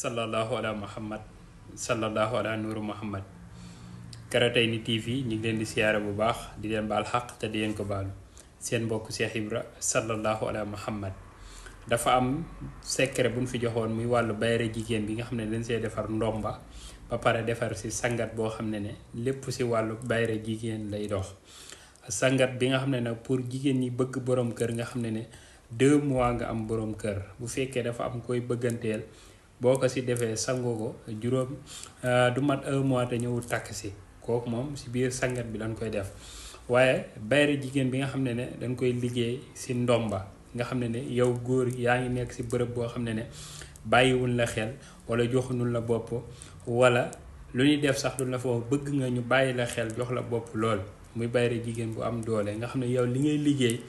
sallallahu ala muhammad sallallahu ala nuru muhammad Karataini TV ñu ngi leen di siyaare bu baax di leen baal xaq te di leen ko baalu seen mbokk Cheikh Ibra sallallahu ala muhammad dafa am secret bu ñu fi joxoon muy wàllu bayre jigéen bi nga xam ne dañ see defar ndomba ba pare defar si sangat boo xam ne ne lépp si wàllu bayre jigéen lay dox sangat bi nga xam ne nag pour jigéen ñi bëgg borom kër nga xam ne ne deux mois nga am boroom kër bu fekkee dafa am koy bëgganteel boo ko si defee sangoo ko juróom euh, du mat un mois te ñëwul takk si kooku moom si biir sangat bi dañ koy def waaye bayre jigéen bi nga xam ne ne dañ koy liggéey si ndomba nga xam ne ne yow góor yaa ngi nekk si bërëb boo xam ne ne bàyyiwul la xel wala joxunul la bopp wala lu ñuy def sax du la foofu bëgg nga ñu bàyyi la xel jox la bopp lool muy bayre jigéen bu am doole nga xam ne yow li ngay liggéey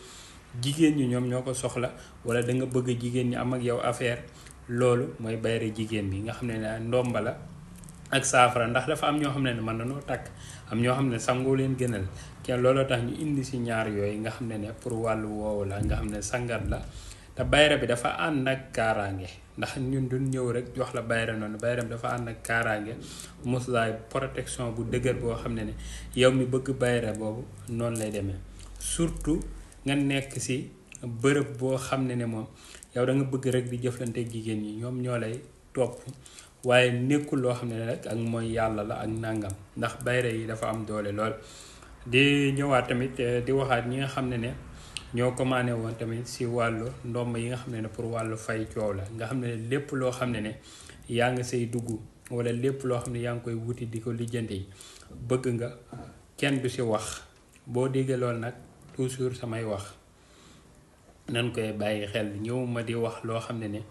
jigéen ñi ñoom ñoo ko soxla wala da nga bëgg jigéen ñi am ak yow affaire loolu mooy bayre jigéen bi nga xam ne ne ndomba la ak saafara ndax dafa am ñoo xam ne ne mën nañoo takk am ñoo xam ne sangoo leen gënal kenn looloo tax ñu indi si ñaar yooyu nga xam ne ne pour wàllu woowu la nga xam ne sangat la te bayre bi dafa ànd ak kaaraange ndax ñun duñ ñëw rek jox la bayre noonu bayre bi dafa ànd ak kaaraange muslaay protection bu dëgër boo xam ne ne yow mi bëgg bayre boobu noonu lay demee surtout nga nekk si bërëb boo xam ne ne moom yow da nga bëgg rek di jëflante jigéen ñi ñoom ñoo lay topp waaye nekkul loo xam ne ne rek ak mooy yàlla la ak nàngam ndax bayre yi dafa am doole lool di ñëwaat tamit eh, di waxaat ñi nga xam ne ne ñoo commandé woon tamit si wàllu ndomb yi nga xam ne ne pour wàllu fay coow la nga xam ne lépp loo xam ne ne yaa nga say dugg wala lépp loo xam ne yaa ngi koy wuti di ko lijjanti yi bëgg nga kenn du si wax boo déggee loolu nag toujours samay wax nan koy bàyyi xel ñëw ma di wax loo xam ne ne